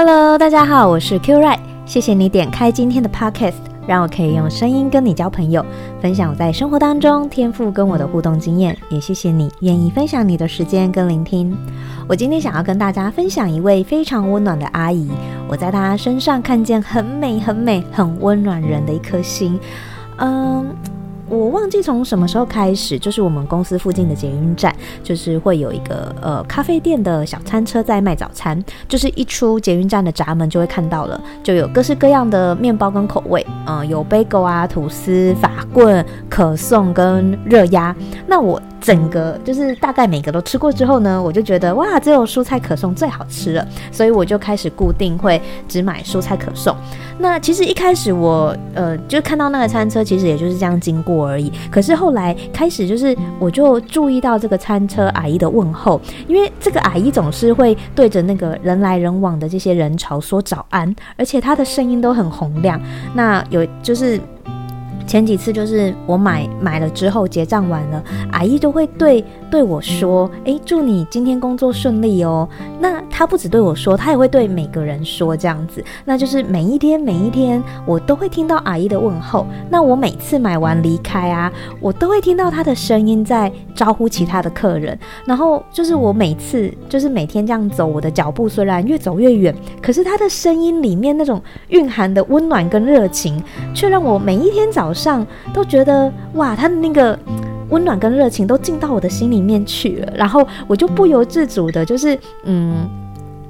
Hello，大家好，我是 Q r ide，謝謝你點開今天的 Podcast，讓我可以用聲音跟你交朋友，分享我在生活當中天父跟我的互動經驗，也謝謝你願意分享你的時間跟聆聽。我今天想要跟大家分享一位非常溫暖的阿姨，我在她身上看見很美、很美、很溫暖人的一顆心，嗯。我忘記從什麼時候開始，就是我們公司附近的捷運站，就是會有一個呃咖啡店的小餐車在賣早餐，就是一出捷運站的閘門就會看到了，就有各式各樣的麵包跟口味，嗯、呃，有 bagel 啊、吐司、法棍、可頌跟熱鴨。那我整個就是大概每個都吃過之後呢，我就覺得哇，只有蔬菜可頌最好吃了，所以我就開始固定會只買蔬菜可頌。那其實一開始我呃，就看到那個餐車，其實也就是這樣經過而已。可是後來開始就是，我就注意到這個餐車阿姨的問候，因為這個阿姨總是會對着那個人來人往的這些人潮說早安，而且她的聲音都很洪亮。那有就是。前幾次就是我買買了之後結賬完了，阿姨就會對對我說：“哎、欸，祝你今天工作順利哦、喔。”那她不只對我說，她也會對每個人說這樣子。那就是每一天每一天，我都會聽到阿姨的問候。那我每次買完離開啊，我都會聽到她的聲音在招呼其他的客人。然後就是我每次就是每天這樣走，我的腳步雖然越走越遠，可是她的聲音裡面那種蘊含的溫暖跟熱情，卻讓我每一天早上。上都覺得哇，他的那個溫暖跟熱情都進到我的心裡面去了，然後我就不由自主的，就是嗯，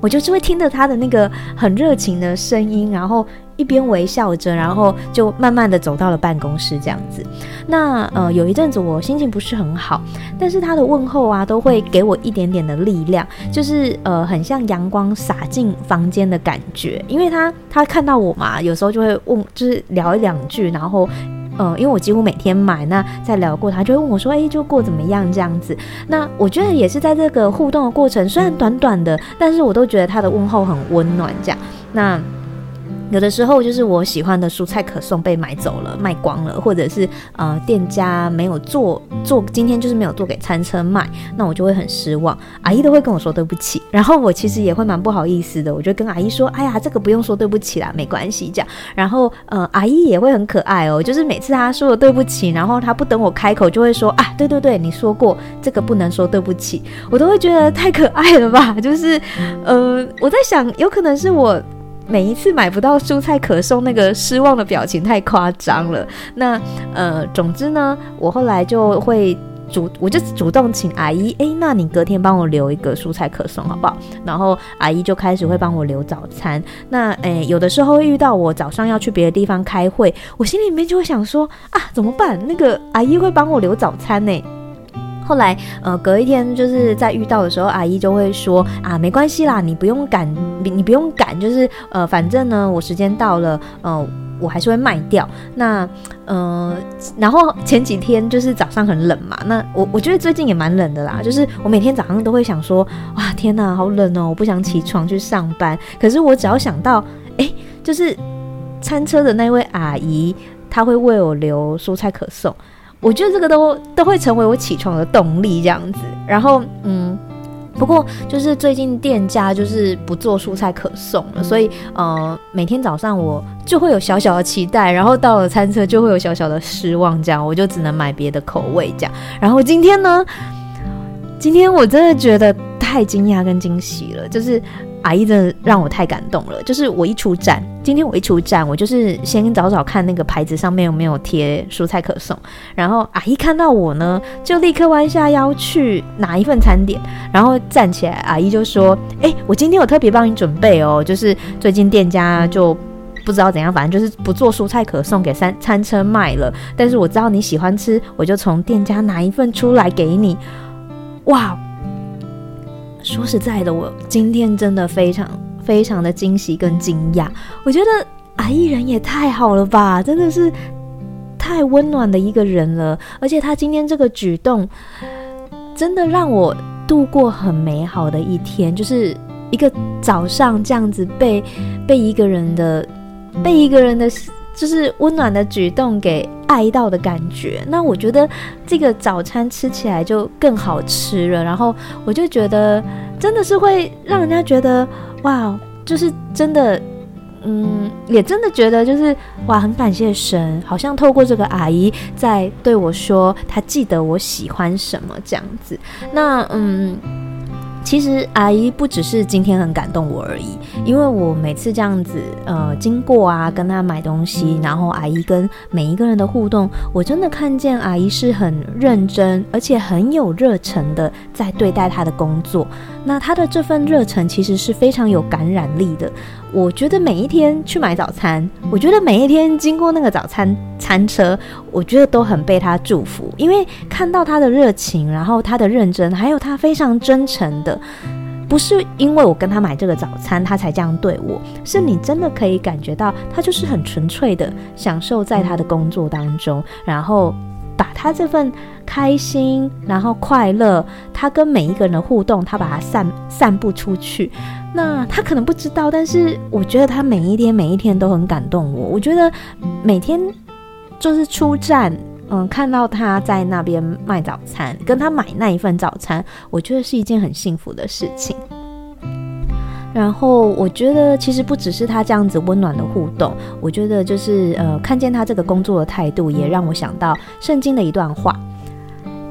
我就是會聽着他的那個很熱情的聲音，然後一邊微笑着，然後就慢慢的走到了辦公室這樣子。那呃，有一陣子我心情不是很好，但是他的問候啊，都會給我一點點的力量，就是呃，很像陽光灑進房間的感覺，因為他他看到我嘛，有時候就會問，就是聊一兩句，然後。呃、嗯，因為我幾乎每天買，那在聊過他就會問我說，哎、欸，就過怎麼樣這樣子？那我覺得也是在這個互動的過程，雖然短短的，但是我都覺得他的問候很溫暖，這樣那。有的時候就是我喜歡的蔬菜可頌被買走了，賣光了，或者是呃店家沒有做做，今天就是沒有做給餐車賣，那我就會很失望。阿姨都會跟我說對不起，然後我其實也會蠻不好意思的，我就跟阿姨說：“哎呀，這個不用說對不起啦，沒關係。”這樣，然後呃，阿姨也會很可愛哦，就是每次她說我對不起，然後她不等我開口就會說：“啊，對對對，你說過這個不能說對不起。”我都會覺得太可愛了吧？就是呃，我在想，有可能是我。每一次買不到蔬菜可頌，那個失望的表情太誇張了。那呃，總之呢，我後來就會主，我就主動請阿姨，哎、欸，那你隔天幫我留一個蔬菜可頌好不好？然後阿姨就開始會幫我留早餐。那誒、欸，有的時候會遇到我早上要去別的地方開會，我心裡面就會想說啊，怎麼辦？那個阿姨會幫我留早餐呢、欸。後來，呃，隔一天就是在遇到的時候，阿姨就會說啊，沒關係啦，你不用趕，你不用趕，就是呃，反正呢，我時間到了，呃，我還是會賣掉。那呃，然後前幾天就是早上很冷嘛，那我我覺得最近也蠻冷的啦，就是我每天早上都會想說，哇，天吶，好冷哦，我不想起床去上班。可是我只要想到，哎，就是餐車的那位阿姨，她會為我留蔬菜可頌。我覺得這個都都會成為我起床的動力這樣子，然後嗯，不過就是最近店家就是不做蔬菜可頌了，所以呃，每天早上我就會有小小的期待，然後到了餐車就會有小小的失望，這樣我就只能買別的口味這樣。然後今天呢，今天我真的覺得太驚訝跟驚喜了，就是。阿姨真的讓我太感動了。就是我一出站，今天我一出站，我就是先找找看那個牌子上面有沒有貼蔬菜可頌。然後阿姨看到我呢，就立刻彎下腰去拿一份餐點，然後站起來，阿姨就說：“哎、欸，我今天有特別幫你準備哦，就是最近店家就不知道怎樣，反正就是不做蔬菜可頌給三餐車賣了。但是我知道你喜歡吃，我就從店家拿一份出來給你。哇！”說實在的，我今天真的非常非常的驚喜跟驚訝。我覺得阿姨人也太好了吧，真的是太溫暖的一個人了。而且他今天這個舉動，真的讓我度過很美好的一天。就是一個早上這樣子被，被被一個人的，被一個人的。就是溫暖的舉動，給愛到的感覺。那我覺得這個早餐吃起來就更好吃了。然後我就覺得，真的是會讓人家覺得，哇，就是真的，嗯，也真的覺得，就是哇，很感謝神，好像透過這個阿姨在對我說，她記得我喜歡什麼這樣子。那嗯。其實阿姨不只是今天很感動我而已，因為我每次這樣子，呃，經過啊，跟她買東西，然後阿姨跟每一個人的互動，我真的看見阿姨是很認真，而且很有熱忱的在對待她的工作。那她的這份熱忱其實是非常有感染力的。我覺得每一天去買早餐，我覺得每一天經過那個早餐餐車，我覺得都很被他祝福，因為看到他的熱情，然後他的認真，還有他非常真誠的，不是因為我跟他買這個早餐，他才這樣對我，是你真的可以感覺到，他就是很純粹的享受在他的工作當中，然後。他這份開心，然後快樂，他跟每一個人的互動，他把它散散布出去。那他可能不知道，但是我覺得他每一天每一天都很感動我。我覺得每天就是出站，嗯，看到他在那邊賣早餐，跟他買那一份早餐，我覺得是一件很幸福的事情。然後我覺得，其實不只是他這樣子溫暖的互動，我覺得就是呃，看見他這個工作的態度，也讓我想到聖經的一段話：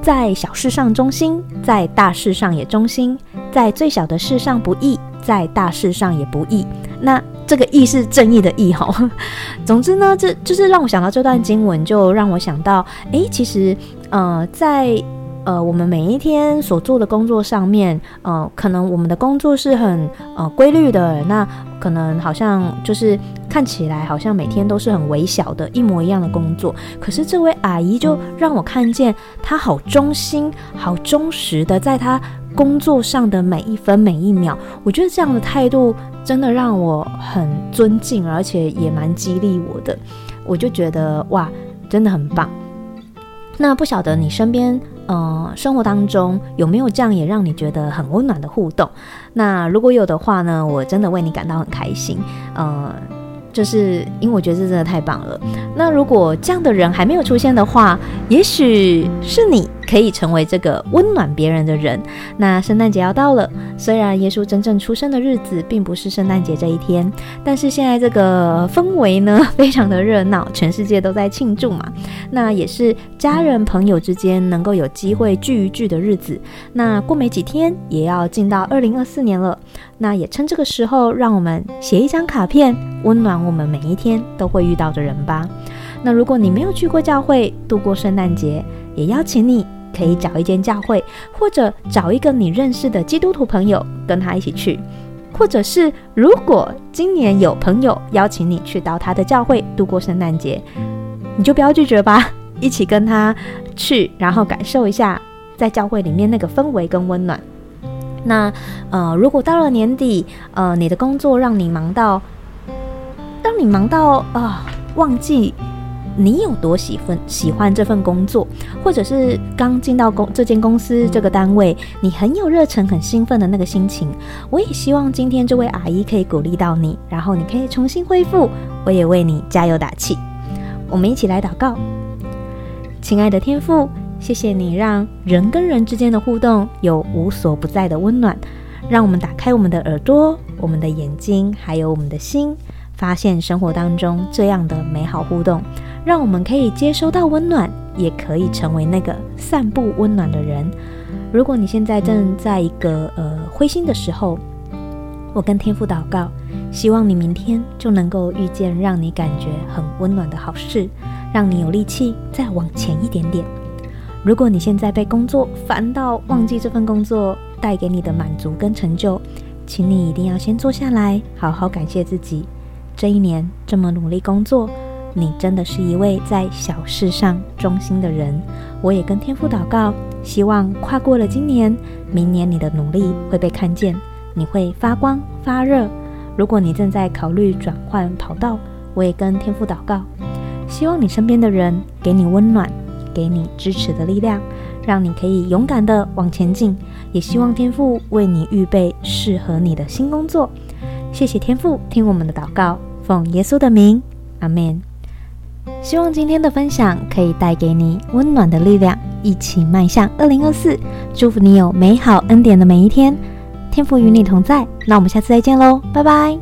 在小事上忠心，在大事上也忠心；在最小的事上不義，在大事上也不義。那這個「義」是正義的「義」，吼！總之呢，這就是讓我想到這段經文，就讓我想到，誒，其實呃，在。呃，我們每一天所做的工作上面，呃，可能我們的工作是很呃規律的。那可能好像就是看起來好像每天都是很微小的一模一樣的工作。可是這位阿姨就讓我看見她好忠心、好忠實的在她工作上的每一分每一秒。我覺得這樣的態度真的讓我很尊敬，而且也蠻激勵我的。我就覺得哇，真的很棒。那不曉得你身邊，呃，生活當中有沒有這樣也讓你覺得很溫暖的互動？那如果有的話呢，我真的為你感到很開心。呃，就是因為我覺得這真的太棒了。那如果這樣的人還沒有出現的話，也許是你。可以成為這個溫暖別人的人。那聖誕節要到了，雖然耶穌真正出生的日子並不是聖誕節這一天，但是現在這個氛圍呢，非常的熱鬧，全世界都在慶祝嘛。那也是家人朋友之間能夠有機會聚一聚的日子。那過沒幾天也要進到二零二四年了，那也趁這個時候，讓我們寫一張卡片，溫暖我們每一天都會遇到的人吧。那如果你沒有去過教會，度過聖誕節，也邀請你。可以找一間教會，或者找一個你認識的基督徒朋友，跟他一起去。或者是，如果今年有朋友邀請你去到他的教會度過聖誕節，你就不要拒絕吧，一起跟他去，然後感受一下在教會裡面那個氛圍跟溫暖。那呃，如果到了年底，呃，你的工作讓你忙到讓你忙到啊，呃，忘記。你有多喜歡喜歡這份工作，或者是剛進到公這間公司這個單位，你很有熱忱、很興奮的那個心情，我也希望今天這位阿姨可以鼓勵到你，然後你可以重新恢復。我也為你加油打氣。我們一起來禱告，親愛的天父，謝謝你讓人跟人之間的互動有無所不在的溫暖，讓我們打開我們的耳朵、我們的眼睛，還有我們的心，發現生活當中這樣的美好互動。讓我們可以接收到溫暖，也可以成為那個散布溫暖的人。如果你現在正在一個呃灰心的時候，我跟天父禱告，希望你明天就能夠遇見讓你感覺很溫暖的好事，讓你有力氣再往前一點點。如果你現在被工作煩到忘記這份工作帶給你的滿足跟成就，請你一定要先坐下來，好好感謝自己這一年這麼努力工作。你真的是一位在小事上忠心的人。我也跟天父禱告，希望跨過了今年，明年你的努力會被看見，你會發光發熱。如果你正在考慮轉換跑道，我也跟天父禱告，希望你身邊的人給你溫暖，給你支持的力量，讓你可以勇敢的往前進。也希望天父為你預備適合你的新工作。謝謝天父，聽我們的禱告，奉耶穌的名，阿門。希望今天的分享可以帶給你溫暖的力量，一起邁向二零二四，祝福你有美好恩典的每一天，天父與你同在。那我們下次再見嘍，拜拜。